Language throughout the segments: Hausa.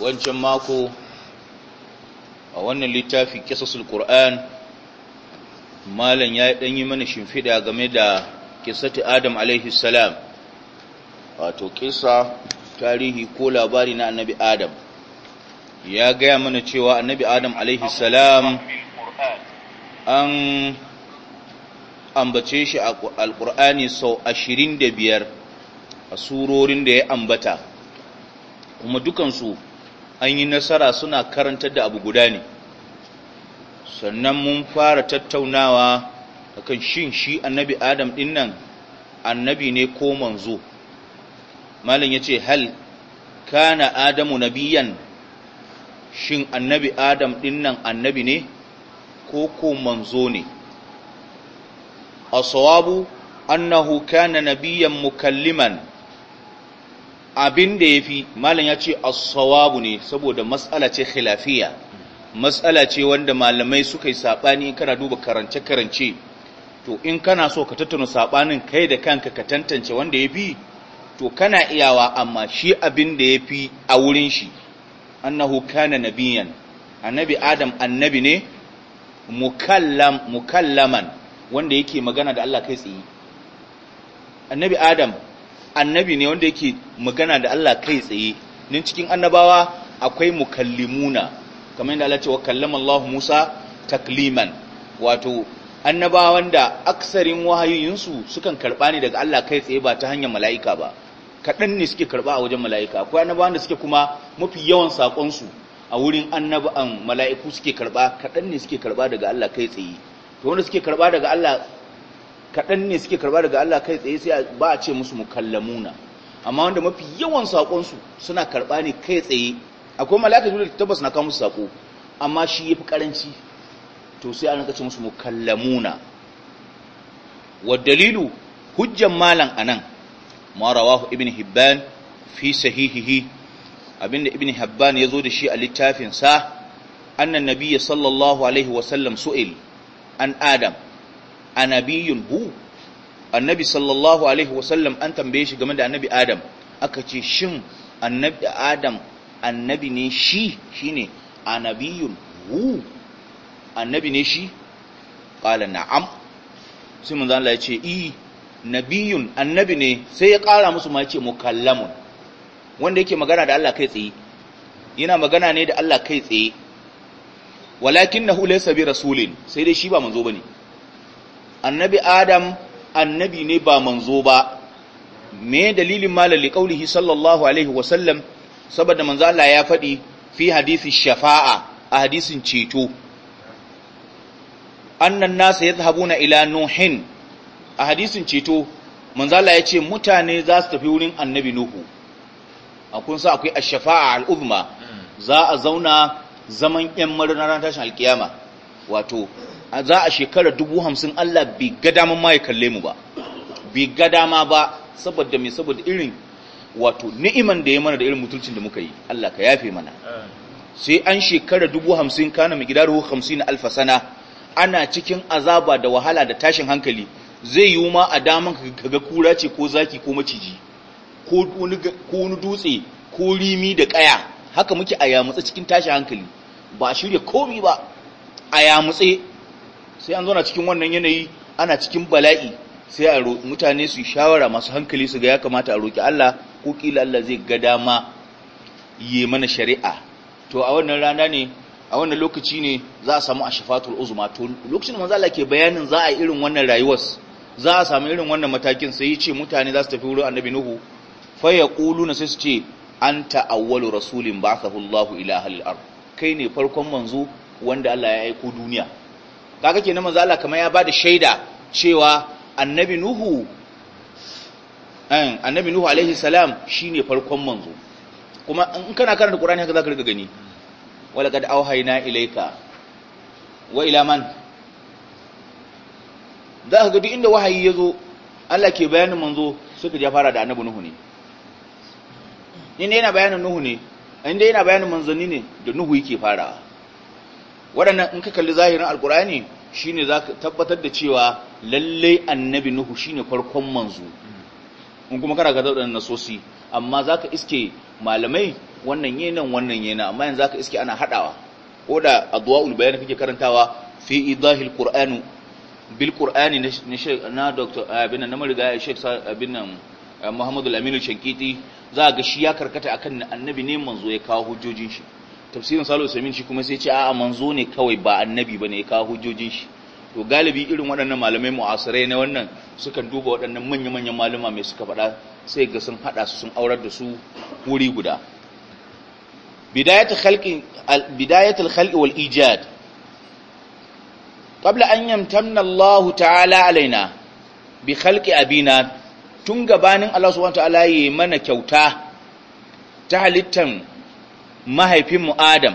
wancan mako a wannan littafi kisasul qur'an malam ya dan yi mana shimfiɗa game da kisati adam alaihi salam wato kisa tarihi ko labari na annabi adam ya gaya mana cewa annabi adam alaihi salam an ambace shi a alkur'ani sau ashirin da biyar a da ya ambata kuma dukansu an yi nasara suna karanta da abu guda ne sannan mun fara tattaunawa akan shin shi annabi adam din nan annabi ne ko manzo malam ce hal kana adamu nabiyan shin annabi adam din nan annabi ne ko ko manzo ne A asawabu annahu kana nabiyan mukalliman abin da ya fi malam ya ce asawabu ne saboda matsala ce khilafiya matsala ce wanda malamai suka yi saɓani kana duba karance karance to in kana so ka tattauna saɓanin kai da kanka ka tantance wanda ya fi, to kana iyawa amma shi abin da ya fi a wurin shi annahu kana nabiyan annabi adam annabi ne mukallam mukallaman wanda yake magana da Allah kai tsaye annabi adam annabi ne wanda yake magana da Allah kai tsaye nan cikin annabawa akwai mukallimuna kamar yadda Allah ce wa kallama Allah Musa takliman wato annabawa da aksarin su sukan karba ne daga Allah kai tsaye ba ta hanyar mala'ika ba kaɗan ne suke karba a wajen mala'ika akwai annabawan da suke kuma mafi yawan saƙonsu a wurin annaba'an mala'iku suke karba kaɗan ne suke karba daga Allah kai tsaye to wanda suke karba daga Allah kaɗan ne suke karɓa daga Allah kai tsaye sai ba a ce musu mukallamuna amma wanda mafi yawan saƙonsu suna karɓa ne kai tsaye akwai malaka jibril tabbas na kawo musu saƙo amma shi yafi karanci to sai an ce musu mukallamuna wa dalilu hujjan Malam anan ma rawahu ibn hibban fi sahihihi abinda ibn hibban yazo da shi a littafin sa annan nabiyyi sallallahu alaihi wa sallam su'il an adam a hu annabi sallallahu alaihi wasallam an tambaye shi game da annabi adam aka ce shin annabi adam annabi ne shi shine a hu annabi ne shi qala na'am sai manzo Allah ya ce i nabiyun annabi ne sai ya ƙara musu ma ya ce mukallamun wanda yake magana da Allah kai tsaye yana magana ne da Allah kai tsaye walakinahu laysa bi rasulin sai dai shi ba manzo bane annabi adam annabi ne ba manzo ba me dalilin malali kaulihi sallallahu alaihi wasallam saboda manzo Allah ya faɗi fi hadisi shafa'a a hadisin ceto annan nasa yadhhabuna ila nuhin a hadisin ceto manzo Allah ya ce mutane za su tafi wurin annabi nuhu akun sa akwai ash-shafa'a al-uzma za a zauna zaman yan murnar tashin alkiyama wato za a shekarar dubu hamsin Allah bai ga daman ma ya kalle mu ba bai ga dama ba saboda mai saboda irin wato ni'iman da ya mana da irin mutuncin da muka yi Allah ka yafe mana sai an shekara dubu hamsin kana mai gida ruhu hamsin alfa sana ana cikin azaba da wahala da tashin hankali zai yi ma a daman ka ga kura ce ko zaki ko maciji ko wani dutse ko rimi da kaya haka muke a yamutse cikin tashin hankali ba a shirya komi ba a yamutse sai an zo na cikin wannan yanayi ana cikin bala'i sai a mutane su shawara masu hankali su ga ya kamata a roƙi Allah ko kila Allah zai ga dama yi mana shari'a to a wannan rana ne a wannan lokaci ne za a samu ashfatul uzma to lokacin manzo Allah ke bayanin za a irin wannan rayuwar za a samu irin wannan matakin sai yace mutane za su tafi wurin annabi nuhu fa yaquluna sai su ce anta awwalu rasulin ba'athahu Allahu ila al ard kai ne farkon manzo wanda Allah ya aika duniya kaga kenan manzo Allah kamar ya bada shaida cewa annabi nuhu eh, annabi nuhu alaihi salam shine farkon manzo kuma in kana karanta qur'ani haka zaka riga gani walaqad auhayna ilayka wa ila man za ka ga duk inda wahayi yazo Allah ke bayanin manzo suka ja fara da annabi nuhu ne inda yana bayanin nuhu ne inda yana bayanin manzanni ne da nuhu yake farawa waɗannan in ka kalli zahirin alkur'ani shine za ka tabbatar da cewa lallai annabi nuhu shine farkon manzo in kuma kana ga zaɗin nasosi amma za ka iske malamai wannan nan wannan yena amma yanzu za ka iske ana haɗawa ko da addu'a ulbayani kake karantawa fi idahil qur'anu bil qur'ani na shek na dr abin abin nan muhammadu al shankiti za ga shi ya karkata akan annabi ne manzo ya kawo hujjojin shi tafsirin salo samin shi kuma sai ce a manzo ne kawai ba annabi ba ne ka hujjojin shi to galibi irin waɗannan malamai mu'asirai na wannan sukan duba waɗannan manya-manyan malama mai suka faɗa sai ga sun haɗa su sun aurar da su wuri guda bidayatul khalqi bidayatul khalqi wal ijad qabla an yamtanna Allah ta'ala alaina bi khalqi abina tun gabanin Allah subhanahu wa ta'ala yayi mana kyauta ta halittan mahaifinmu Adam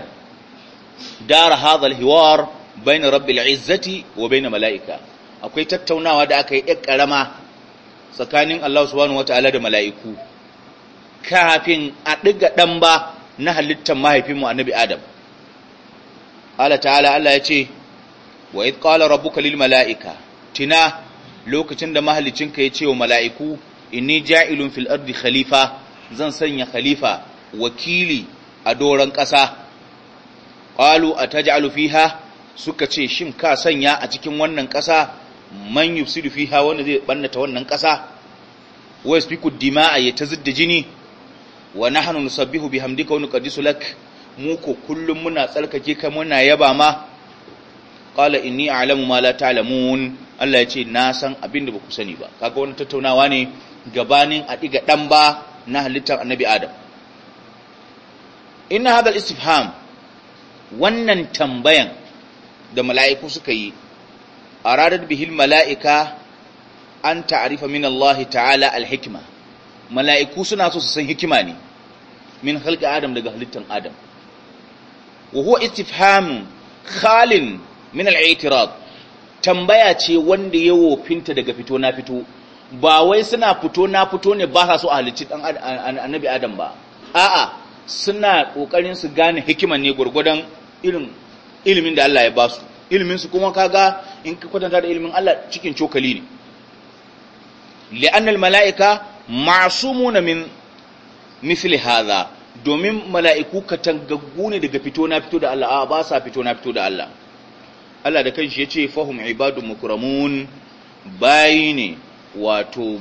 dara hadha alhiwar bain rabbil izzati wa bain malaika akwai tattaunawa da aka yi yar karama tsakanin Allah subhanahu wataala da mala'iku kafin a ɗiga ɗan ba na halittar mahaifinmu annabi Adam Allah ta'ala Allah ya ce wa ƙwala qala rabbuka lil mala'ika tina lokacin da ka ya ce wa mala'iku inni ja'ilun fil ardi khalifa zan sanya khalifa wakili a doron ƙasa ƙwalu a ta fiha suka ce shin ka sanya a cikin wannan ƙasa man yufsidu fiha wanda zai ɓannata wannan ƙasa wa yasfiku a yi ta zidda jini wa nahnu nusabbihu bihamdika wa su lak mu ko kullum muna tsarkake kai muna yaba ma ƙala inni a'lamu ma la ta'lamun Allah ya ce na san abin da ba ku sani ba kaga wani tattaunawa ne gabanin a ɗiga ɗan ba na halittar annabi Adam inna hadha al-istifham wannan tambayan da mala'iku suka yi aradat bihil mala'ika an ta'rifa min Allah ta'ala al-hikma mala'iku suna so su san hikima ne min halka adam daga halittan adam wa huwa istifham khalin min al-i'tirad tambaya ce wanda ya wofinta daga fito na fito ba wai suna fito na fito ne ba sa so a halicci dan annabi adam ba a'a suna kokarin su gane hikimar ne gwargwadon irin ilimin da Allah ya ba su ilimin su kuma kaga in ka kwatanta da ilimin Allah cikin cokali ne li'anna malaika ma'sumuna min misli hadha domin mala'iku katangaggu ne daga fito na fito da Allah a ba sa fito na fito da Allah Allah da kanshi yace fahum ibadu mukramun bayine wato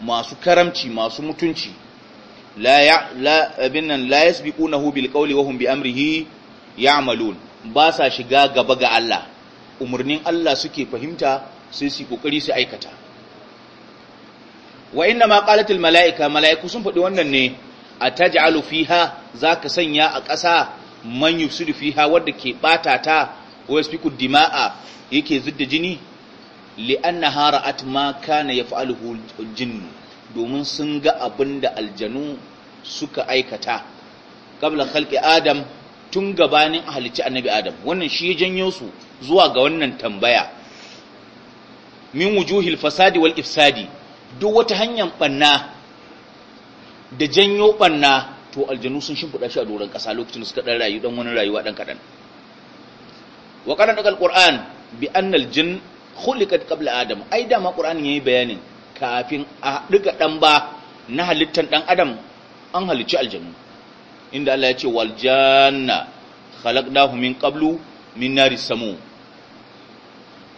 masu karamci masu mutunci la ya la abin nan bil qawli wa bi amrihi ya'malun ba sa shiga gaba ga Allah umarnin Allah suke fahimta sai su kokari su aikata wa inna ma qalat al malaika malaiku sun faɗi wannan ne ataj'alu fiha zaka sanya a ƙasa man yusudu fiha wanda ke bata ta wa yasfiku dima'a yake zudda jini li'annaha ra'at ma kana yaf'aluhu al-jinnu domin sun ga abin da aljanu suka aikata qabla khalqi adam tun gabanin halicci annabi adam wannan shi janyo su zuwa ga wannan tambaya min wujuhil fasadi wal ifsadi duk wata hanyar banna da janyo banna to aljanu sun shimfiɗa shi a doron ƙasa lokacin da suka ɗan rayu ɗan wani rayuwa ɗan kaɗan wa ƙaran daga alƙur'an bi annal jin khuliqat qabla adam ai dama qur'ani yayi bayanin kafin a ɗiga ɗan ba na halittar ɗan adam an halicci aljanu inda Allah ya ce waljanna khalaqnahu min qablu min nari samu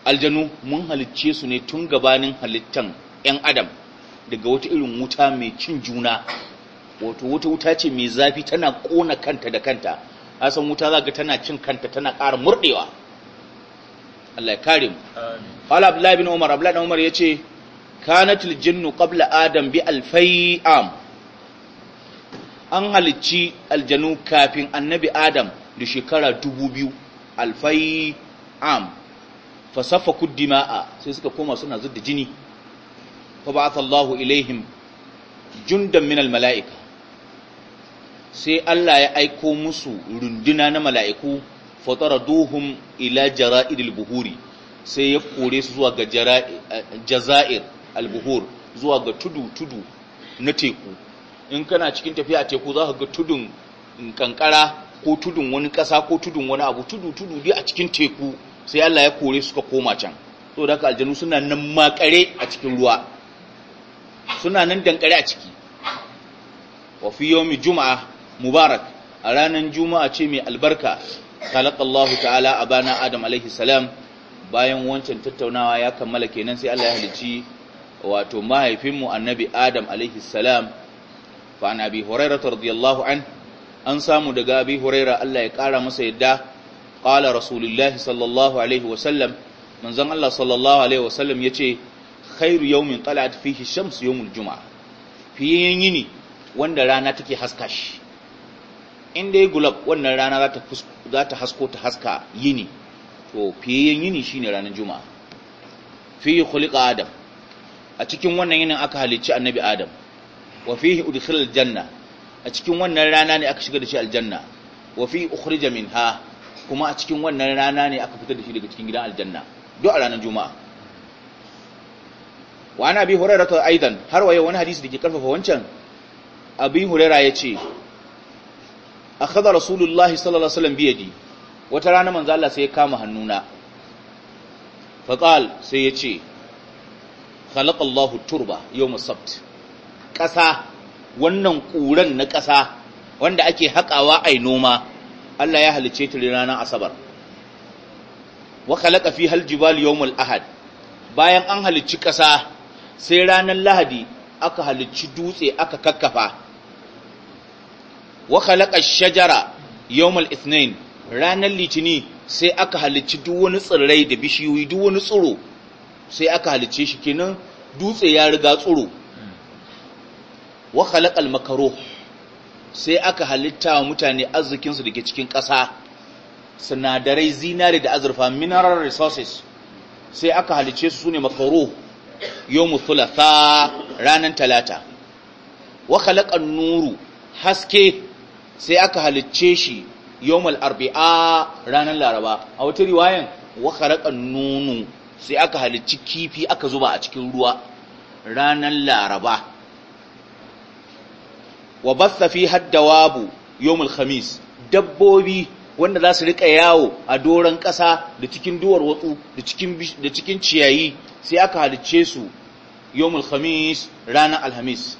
aljanu mun halicce su ne tun gabanin halittan 'yan adam daga wata irin wuta mai cin juna wato wata wuta ce mai zafi tana ƙona kanta da kanta asan wuta za ga tana cin kanta tana ƙara murɗewa Allah ya kare mu amin Abdullahi bin umar Abdullahi bin umar yace kanatul jinnu qabla adam bi alfai am an halicci aljanu kafin annabi adam da shekara dubu biyu alfai am fasafa kuddima'a sai suka koma suna zudda jini fa ba'atha Allahu ilaihim jundan min mala'ika sai Allah ya aiko musu runduna na mala'iku fataraduhum ila jara'idil buhuri sai ya kore su zuwa ga jaza'ir albuhur zuwa ga tudu tudu na teku in kana cikin tafiya teku za ka ga tudun kankara ko tudun wani ƙasa ko tudun wani abu tudu tudu dai a cikin teku sai Allah ya kore suka koma can so da aljanu suna nan makare a cikin ruwa suna nan dankare a ciki wa fi yawmi juma'a mubarak a ranar juma'a ce mai albarka Allah ta'ala bana adam alaihi salam bayan wancan tattaunawa ya kammala kenan sai Allah ya halicci wato mahaifinmu annabi adam alaihi salam fa an abi hurairah radiyallahu an an samu daga abi huraira Allah ya kara masa yadda qala rasulullah sallallahu alaihi wa sallam. manzon Allah sallallahu alaihi wa wasallam yace khairu yawmin talat fihi shams yawmul juma'a fiyin yini wanda rana take haska shi in dai gulab wannan rana za ta hasko ta haska yini to fiye yin yini shine ranar juma'a fi khuliqa adam a cikin wannan yinin aka halicci annabi adam wa fihi udkhila janna a cikin wannan rana ne aka shiga da shi aljanna wa fihi ukhrija minha kuma a cikin wannan rana ne aka fitar da shi daga cikin gidan aljanna duk a ranar juma'a wa ana bi hurairata aidan har waye wani hadisi da ke karfafa wancan abi huraira yace akhadha rasulullahi sallallahu alaihi wasallam biyadi wata rana manzo Allah sai ya kama hannuna faqal sai ya ce. الله turba يوم sabt ƙasa wannan ƙuran na ƙasa wanda ake haƙawa ai noma Allah ya halice ta ranar asabar wa khalaqa hal aljibal yawm ahad bayan an halicci ƙasa sai ranar lahadi aka halicci dutse aka kakkafa wa khalaqa shajara yawm al ranar litini sai aka halicci duk wani tsirrai da bishiyoyi duk wani tsiro sai aka halice shi kenan dutse ya riga tsoro wa khalaqal makaro sai aka halitta mutane arzikinsu su dake cikin ƙasa sinadarai zinare da azurfa mineral resources sai aka halice su ne makaro yawm thulatha ranan talata wa khalaqan nuru haske sai aka halicce shi yawm arba'a ranan laraba a wata riwayan wa khalaqan nunu sai aka halicci kifi aka zuba a cikin ruwa ranar laraba wa basta fi haddawabu yawmul khamis dabbobi wanda za su rika yawo a doron ƙasa da cikin duwar watsu da cikin ciyayi sai aka halicce su yawmul khamis ranar alhamis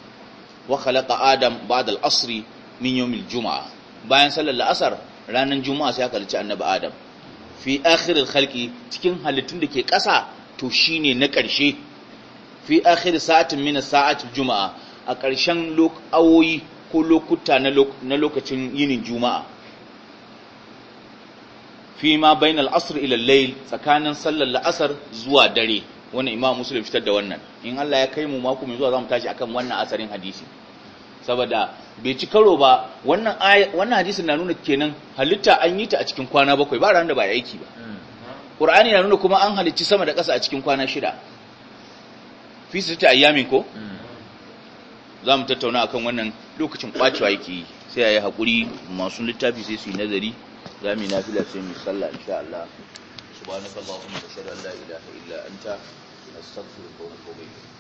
wa khalaqa adam ba'da al-asri min yawmil juma'a bayan sallar la'asar ranar juma'a sai aka halicci annabi adam fi akhiril khalqi cikin halittun da ke ƙasa to shine na ƙarshe fi akhir sa'atin min sa'atil juma'a a ƙarshen awoyi ko lokuta na lokacin yinin juma'a fi ma bainal asr ila tsakanin sallar la'asar zuwa dare wannan imam muslim fitar da wannan in Allah ya kai mu mako mai zuwa mu tashi akan wannan asarin hadisi saboda bai ci karo ba wannan wannan hadisin na nuna kenan halitta an yi ta a cikin kwana bakwai ba ranar da ba ya aiki ba Qur'ani na nuna kuma an halicci sama da ƙasa a cikin kwana shida fi su ta ayyamin ko za mu tattauna akan wannan lokacin kwacewa yake yi sai a yi haƙuri masu littafi sai su yi nazari za mu yi nafila sai mu sallah insha Allah subhanaka allahumma wa bihamdika la ilaha illa anta astaghfiruka wa atubu ilayk